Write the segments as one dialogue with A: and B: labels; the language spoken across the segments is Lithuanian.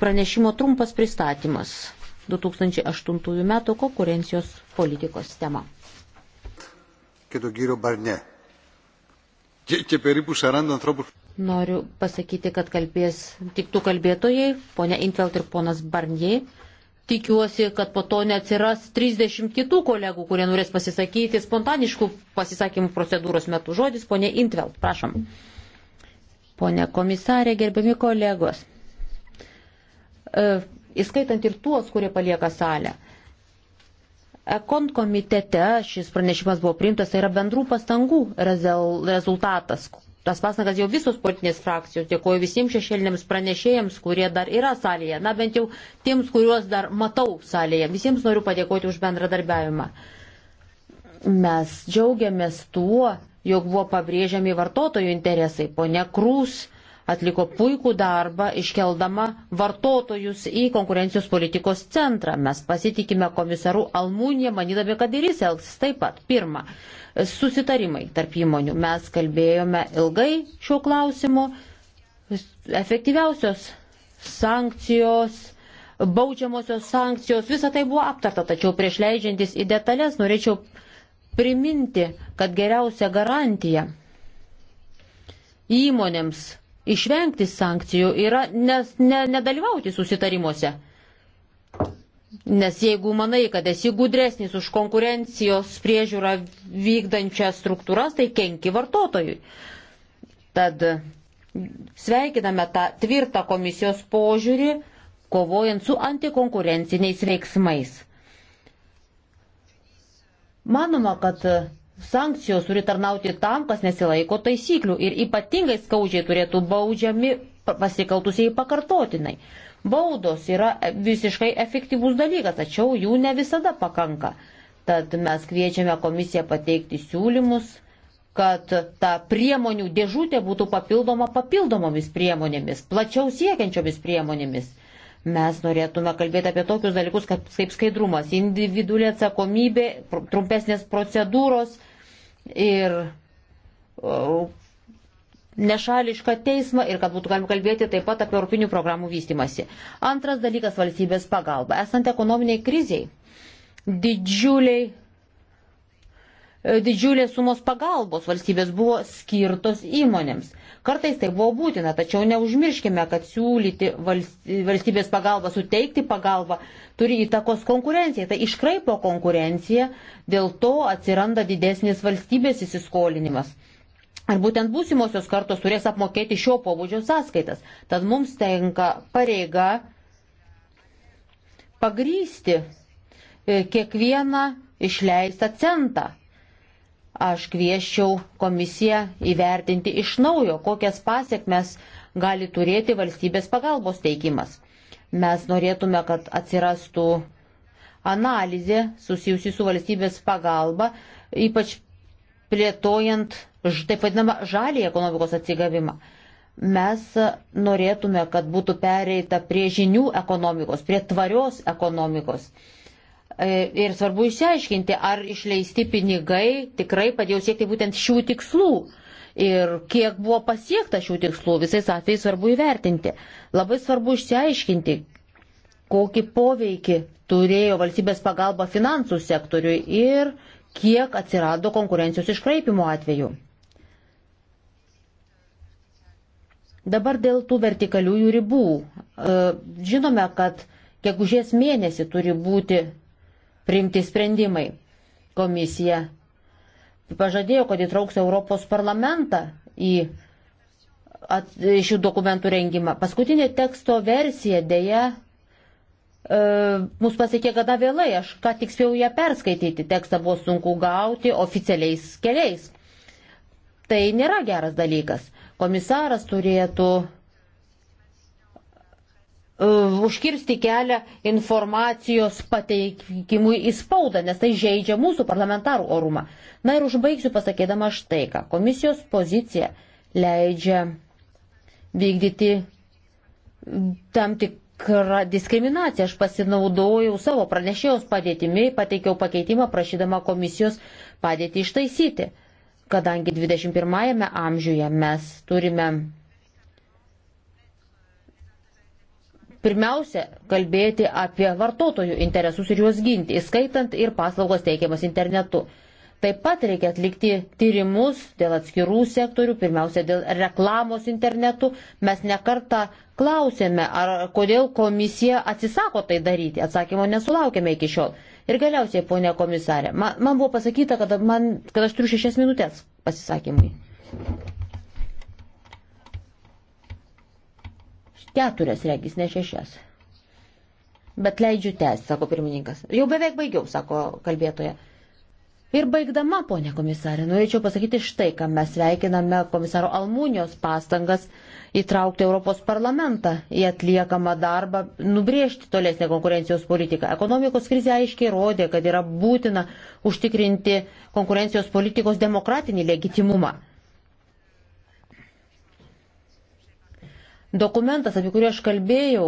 A: Pranešimo trumpas pristatymas 2008 m. konkurencijos politikos tema. Noriu pasakyti, kad kalbės tik tu kalbėtojai, ponia Intelt ir ponas Barnier. Tikiuosi, kad po to neatsiras 30 kitų kolegų, kurie norės pasisakyti spontaniškų pasisakymų procedūros metu. Žodis, ponė Intveld, prašom. Pone komisarė, gerbiami kolegos. E, įskaitant ir tuos, kurie palieka salę. Ekon komitete šis pranešimas buvo priimtas, tai yra bendrų pastangų rezultatas. Tas pastangas jau visos politinės frakcijos, dėkoju visiems šešėlinėms pranešėjams, kurie dar yra salėje, na bent jau tiems, kuriuos dar matau salėje. Visiems noriu padėkoti už bendradarbiavimą. Mes džiaugiamės tuo, jog buvo pabrėžiami vartotojų interesai. Pone Krūs atliko puikų darbą iškeldama vartotojus į konkurencijos politikos centrą. Mes pasitikime komisaru Almūnė, manydami, kad ir jis elgsis taip pat. Pirma, susitarimai tarp įmonių. Mes kalbėjome ilgai šiuo klausimu. Efektyviausios sankcijos, baudžiamosios sankcijos, visa tai buvo aptarta, tačiau prieš leidžiantis į detalės norėčiau priminti, kad geriausia garantija įmonėms išvengti sankcijų yra nes, ne, nedalyvauti susitarimuose. Nes jeigu manai, kad esi gudresnis už konkurencijos priežiūrą vykdančias struktūras, tai kenki vartotojui. Tad sveikiname tą tvirtą komisijos požiūrį, kovojant su antikonkurenciniais veiksmais. Manoma, kad sankcijos turi tarnauti tam, kas nesilaiko taisyklių ir ypatingai skaudžiai turėtų baudžiami pasikaltusieji pakartotinai. Baudos yra visiškai efektyvus dalykas, tačiau jų ne visada pakanka. Tad mes kviečiame komisiją pateikti siūlymus, kad ta priemonių dėžutė būtų papildoma papildomomis priemonėmis, plačiau siekiančiomis priemonėmis. Mes norėtume kalbėti apie tokius dalykus kaip, kaip skaidrumas, individuali atsakomybė, trumpesnės procedūros ir nešališką teismą ir kad būtų galima kalbėti taip pat apie europinių programų vystimasi. Antras dalykas - valstybės pagalba. Esant ekonominiai kriziai, didžiuliai E, didžiulės sumos pagalbos valstybės buvo skirtos įmonėms. Kartais tai buvo būtina, tačiau neužmirškime, kad siūlyti valstybės pagalbą, suteikti pagalbą turi įtakos konkurencijai. Tai iškraipo konkurenciją, dėl to atsiranda didesnis valstybės įsiskolinimas. Ir būtent būsimosios kartos turės apmokėti šio pobūdžio sąskaitas. Tad mums tenka pareiga pagrysti e, kiekvieną išleistą centą Aš kvieščiau komisiją įvertinti iš naujo, kokias pasiekmes gali turėti valstybės pagalbos teikimas. Mes norėtume, kad atsirastų analizė susijusi su valstybės pagalba, ypač plėtojant taip vadinamą žalį ekonomikos atsigavimą. Mes norėtume, kad būtų pereita prie žinių ekonomikos, prie tvarios ekonomikos. E, ir svarbu išsiaiškinti, ar išleisti pinigai tikrai padėjo siekti būtent šių tikslų ir kiek buvo pasiekta šių tikslų, visais atvejais svarbu įvertinti. Labai svarbu išsiaiškinti, kokį poveikį turėjo valstybės pagalba finansų sektoriui ir kiek atsirado konkurencijos iškraipimo atveju. Dabar dėl tų vertikaliųjų ribų. E, žinome, kad gegužės mėnesį turi būti priimti sprendimai. Komisija pažadėjo, kad įtrauks Europos parlamentą į at, šių dokumentų rengimą. Paskutinė teksto versija dėja e, mus pasiekė gada vėlai, aš ką tik spėjau ją perskaityti, tekstą buvo sunku gauti oficialiais keliais. Tai nėra geras dalykas. Komisaras turėtų E, užkirsti kelią informacijos pateikimui į spaudą, nes tai žaidžia mūsų parlamentarų orumą. Na ir užbaigsiu pasakydama štai ką. Komisijos pozicija leidžia vykdyti tam tikrą diskriminaciją. Aš pasinaudojau savo pranešėjos padėtimi, pateikiau pakeitimą prašydama komisijos padėti ištaisyti, kadangi 21 amžiuje mes turime pirmiausia kalbėti apie vartotojų interesus ir juos ginti, įskaitant ir paslaugos teikiamas internetu. Taip pat reikia atlikti tyrimus dėl atskirų sektorių, pirmiausia dėl reklamos internetu. Mes nekartą klausėme, ar, kodėl komisija atsisako tai daryti. Atsakymo nesulaukėme iki šiol. Ir galiausiai, ponė komisarė, man, man buvo pasakyta, kad, man, kad aš turiu šešias minutės pasisakymui. Keturias regis, ne šešias. Bet leidžiu tęsti, sako pirmininkas. Jau beveik baigiau, sako kalbėtoja. Ir baigdama, ponė komisarė, norėčiau pasakyti štai, ką mes sveikiname komisaro Almūnijos pastangas įtraukti Europos parlamentą į atliekamą darbą, nubrėžti tolesnę konkurencijos politiką. Ekonomikos krizė aiškiai rodė, kad yra būtina užtikrinti konkurencijos politikos demokratinį legitimumą. Dokumentas, apie kurį aš kalbėjau,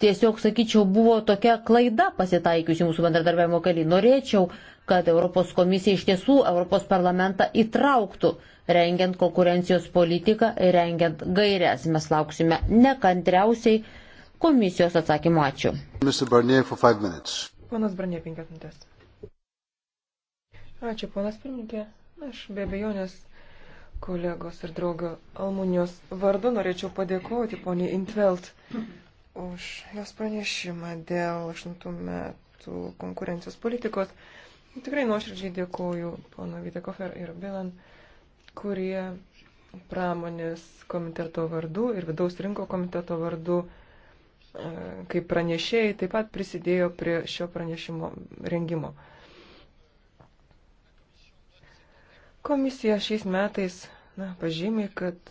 A: tiesiog, sakyčiau, buvo tokia klaida pasitaikiusi mūsų bendradarbiavimo keli. Norėčiau, kad Europos komisija iš tiesų Europos parlamentą įtrauktų, rengiant konkurencijos politiką, rengiant gairias. Mes lauksime nekantriausiai komisijos atsakymų. Ačiū.
B: Barnier, ponas
C: Barnie, penkias minutės. Ačiū, ponas pirmininkė. Aš be abejonės. Nes kolegos ir draugio Almunijos vardu norėčiau padėkoti poniai Intvelt už jos pranešimą dėl 8 metų konkurencijos politikos. Tikrai nuoširdžiai dėkoju pono Vitekofer ir Bilan, kurie pramonės komiteto vardu ir vidaus rinko komiteto vardu, e, kaip pranešėjai, taip pat prisidėjo prie šio pranešimo rengimo. Komisija šiais metais na, pažymė, kad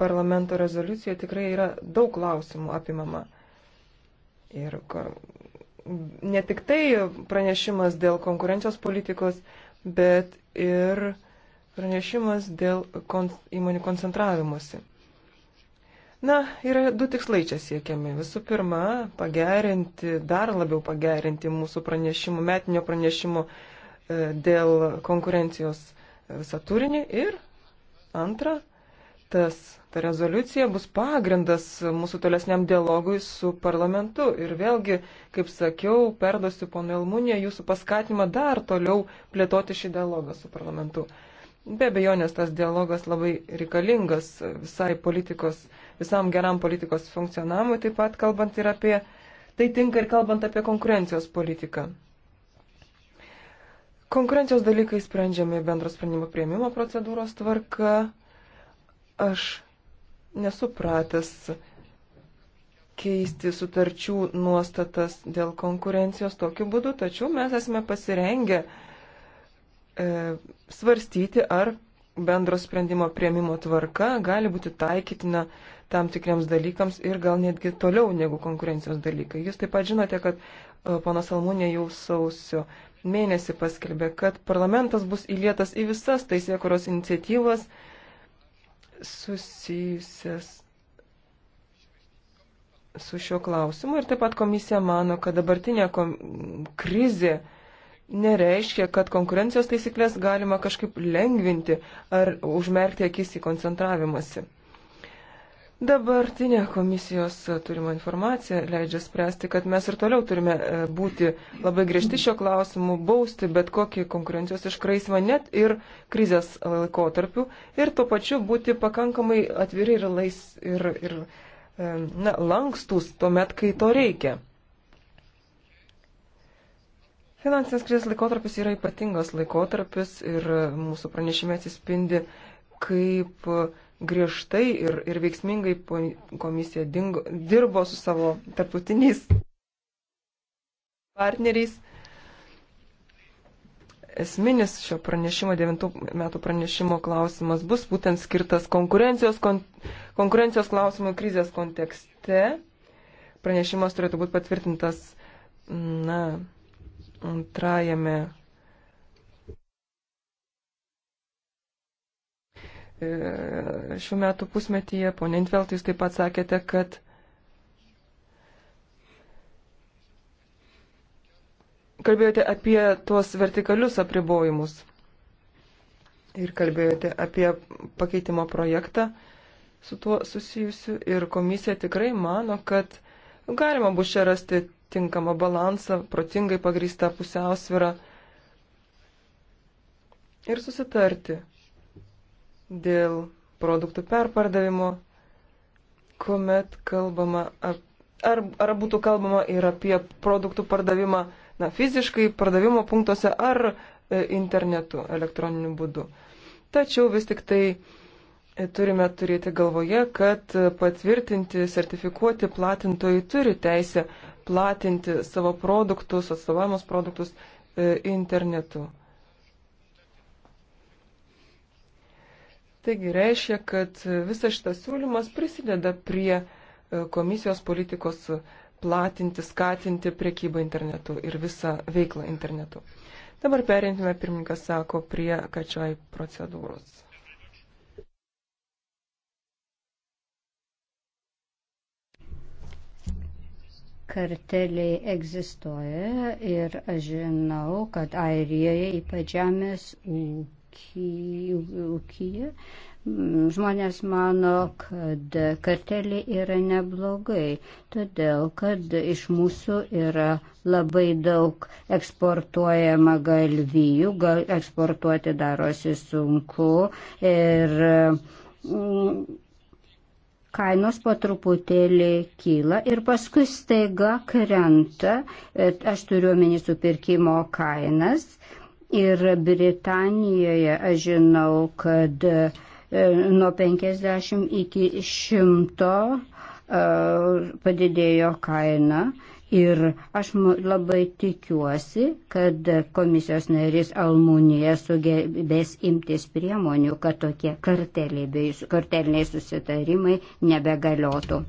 C: parlamento rezoliucijoje tikrai yra daug klausimų apimama. Ir ne tik tai pranešimas dėl konkurencijos politikos, bet ir pranešimas dėl kon, įmonių koncentravimuose. Na, yra du tikslai čia siekiami. Visų pirma, pagerinti, dar labiau pagerinti mūsų pranešimų, metinio pranešimų E, dėl konkurencijos e, visą turinį ir antra, tas, ta rezoliucija bus pagrindas mūsų tolesniam dialogui su parlamentu. Ir vėlgi, kaip sakiau, perdosiu ponui Almunė jūsų paskatimą dar toliau plėtoti šį dialogą su parlamentu. Be abejonės tas dialogas labai reikalingas visai politikos, visam geram politikos funkcionavimui, taip pat kalbant ir apie, tai tinka ir kalbant apie konkurencijos politiką. Konkurencijos dalykai sprendžiami bendro sprendimo prieimimo procedūros tvarka. Aš nesupratęs keisti sutarčių nuostatas dėl konkurencijos tokiu būdu, tačiau mes esame pasirengę e, svarstyti, ar bendro sprendimo prieimimo tvarka gali būti taikytina tam tikriems dalykams ir gal netgi toliau negu konkurencijos dalykai. Jūs taip pat žinote, kad ponas Almūnė jau sausio mėnesį paskelbė, kad parlamentas bus įlietas į visas teisėkuros iniciatyvas susijusias su šiuo klausimu. Ir taip pat komisija mano, kad dabartinė kom... krizė nereiškia, kad konkurencijos taisyklės galima kažkaip lengvinti ar užmerkti akis į koncentravimąsi. Dabartinė komisijos turima informacija leidžia spręsti, kad mes ir toliau turime e, būti labai griežti šio klausimu, bausti bet kokį konkurencijos iškraismą net ir krizės laikotarpiu ir tuo pačiu būti pakankamai atviri ir, lais, ir, ir e, na, lankstus tuomet, kai to reikia. Finansinės krizės laikotarpis yra ypatingas laikotarpis ir e, mūsų pranešime atsispindi kaip griežtai ir, ir veiksmingai komisija dingo, dirbo su savo tarptautiniais partneriais. Esminis šio pranešimo, 9 metų pranešimo klausimas bus būtent skirtas konkurencijos, kon, konkurencijos klausimų krizės kontekste. Pranešimas turėtų būti patvirtintas na, antrajame E, šių metų pusmetyje. Pone Intvelt, jūs taip pat sakėte, kad kalbėjote apie tuos vertikalius apribojimus ir kalbėjote apie pakeitimo projektą su tuo susijusiu ir komisija tikrai mano, kad galima bus čia rasti tinkamą balansą, protingai pagrįstą pusiausvyrą ir susitarti dėl produktų perpardavimo, kuomet kalbama, ar, ar, ar būtų kalbama ir apie produktų pardavimą na, fiziškai pardavimo punktuose ar e, internetu, elektroniniu būdu. Tačiau vis tik tai e, turime turėti galvoje, kad patvirtinti, sertifikuoti platintojai turi teisę platinti savo produktus, atstovavimus produktus e, internetu. Taigi reiškia, kad visas šitas siūlymas prisideda prie e, komisijos politikos platinti, skatinti priekybą internetu ir visą veiklą internetu. Dabar perintime, pirmininkas sako, prie kačioj procedūros.
D: Karteliai egzistuoja ir aš žinau, kad Airijoje ypač žemės ūkio ūkiją. Mm, žmonės mano, kad kartelė yra neblogai, todėl kad iš mūsų yra labai daug eksportuojama galvijų, gal, eksportuoti darosi sunku ir mm, kainos po truputėlį kyla ir paskui staiga krenta, aš turiu omeny supirkimo kainas, Ir Britanijoje aš žinau, kad e, nuo 50 iki 100 e, padidėjo kaina. Ir aš labai tikiuosi, kad komisijos narys Almūnija sugebės imtis priemonių, kad tokie karteliniai susitarimai nebegaliotų.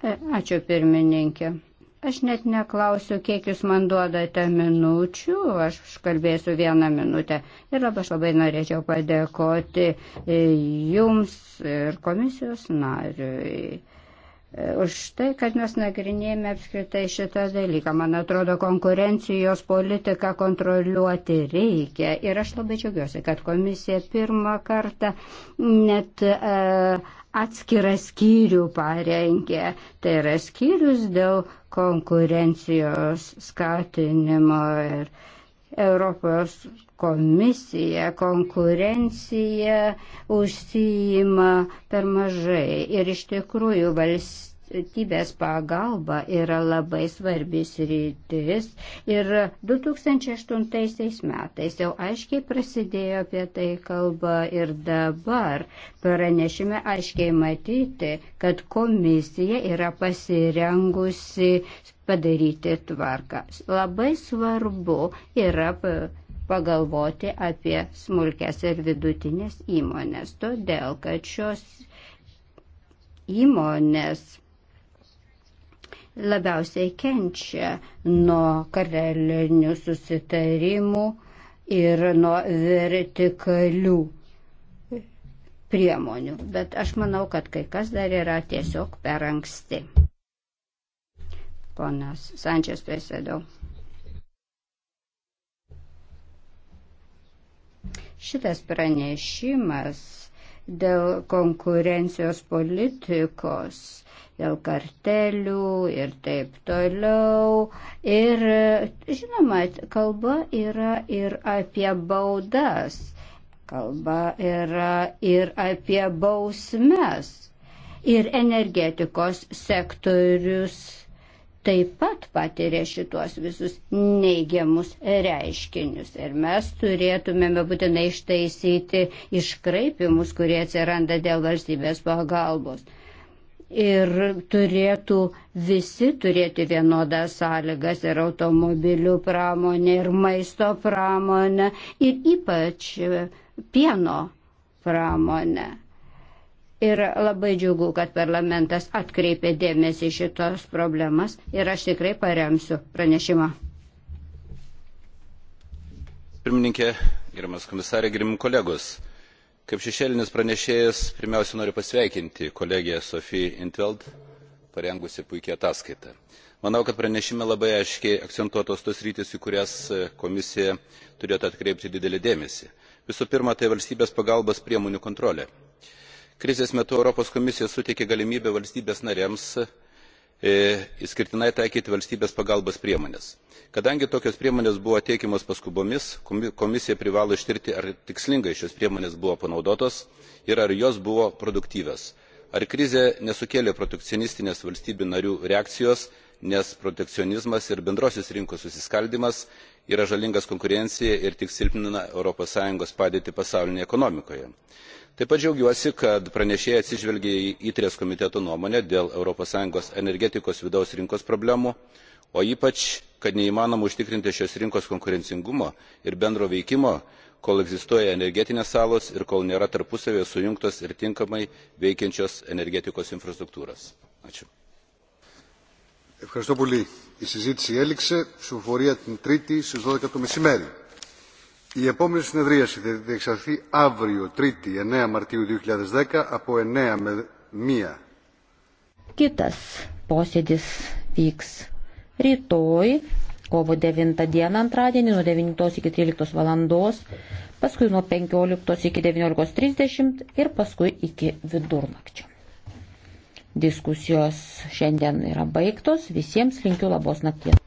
D: E, ačiū pirmininkė. Aš net neklausiu, kiek jūs man duodate minučių, aš kalbėsiu vieną minutę. Ir labai aš labai norėčiau padėkoti e, jums ir komisijos nariui. E, už tai, kad mes nagrinėjame apskritai šitą dalyką. Man atrodo, konkurencijos politiką kontroliuoti reikia. Ir aš labai džiaugiuosi, kad komisija pirmą kartą net uh, atskirą skyrių parengė. Tai yra skyrius dėl konkurencijos skatinimo ir Europos komisija konkurencija užsijima per mažai ir iš tikrųjų valstybės pagalba yra labai svarbis rytis ir 2008 metais jau aiškiai prasidėjo apie tai kalba ir dabar pranešime aiškiai matyti, kad komisija yra pasirengusi padaryti tvarką. Labai svarbu yra pagalvoti apie smulkės ir vidutinės įmonės, todėl kad šios įmonės labiausiai kenčia nuo karalinių susitarimų ir nuo vertikalių priemonių. Bet aš manau, kad kai kas dar yra tiesiog per anksti. Ponas Sančias Pesėdau. Šitas pranešimas dėl konkurencijos politikos, dėl kartelių ir taip toliau. Ir žinoma, kalba yra ir apie baudas, kalba yra ir apie bausmes. Ir energetikos sektorius taip pat patiria šitos visus neigiamus reiškinius. Ir mes turėtumėme būtinai ištaisyti iškraipimus, kurie atsiranda dėl valstybės pagalbos. Ir turėtų visi turėti vienodas sąlygas ir automobilių pramonė, ir maisto pramonė, ir ypač pieno pramonė. Ir labai džiugu, kad parlamentas atkreipė dėmesį šitos problemas ir aš tikrai paremsiu pranešimą.
B: Pirmininkė, gerimas komisarė, gerimi kolegos. Kaip šešėlinis pranešėjas, pirmiausia noriu pasveikinti kolegiją Sofiją Intveld, parengusi puikia ataskaita. Manau, kad pranešime labai aiškiai akcentuotos tos rytis, į kurias e, komisija turėtų atkreipti didelį dėmesį. Visų pirma, tai valstybės pagalbos priemonių kontrolė krizės metu europos komisija suteikė galimybę valstybėms narėms e, išskirtinai taikyti valstybės pagalbos priemones. kadangi tokios priemonės buvo teikiamos paskubomis komisija privalo ištirti ar tikslingai šios priemonės buvo panaudotos ir ar jos buvo produktyvios ar krizė nesukėlė protekcionistinės valstybių narių reakcijos nes protekcionizmas ir bendrosios rinkos susiskaldymas yra žalingas konkurencijai ir tik silpnina europos sąjungos padėtį pasaulinėje ekonomikoje taip pat džiaugiuosi kad pranešėja atsižvelgė į itre komiteto nuomonę dėl es energetikos vidaus rinkos problemų o ypač kad neįmanoma užtikrinti šios rinkos konkurencingumo ir bendro veikimo kol egzistuoja energetinės salos ir kol nėra tarpusavyje sujungtos ir tinkamai veikiančios energetikos infrastruktūros. Ačiū. Ευχαριστώ πολύ. Η συζήτηση έληξε. Ψηφοφορία την Τρίτη στις 12 το μεσημέρι. Η επόμενη συνεδρίαση θα διεξαχθεί αύριο, 3η, 9 Μαρτίου 2010, από 9 με 1.
A: Kitas posėdis vyks rytoj, kovo 9 dieną antradienį, nuo 9 iki 13 valandos, paskui nuo 15 iki 19.30 ir paskui iki vidurnakčio. Diskusijos šiandien yra baigtos, visiems linkiu labos nakties.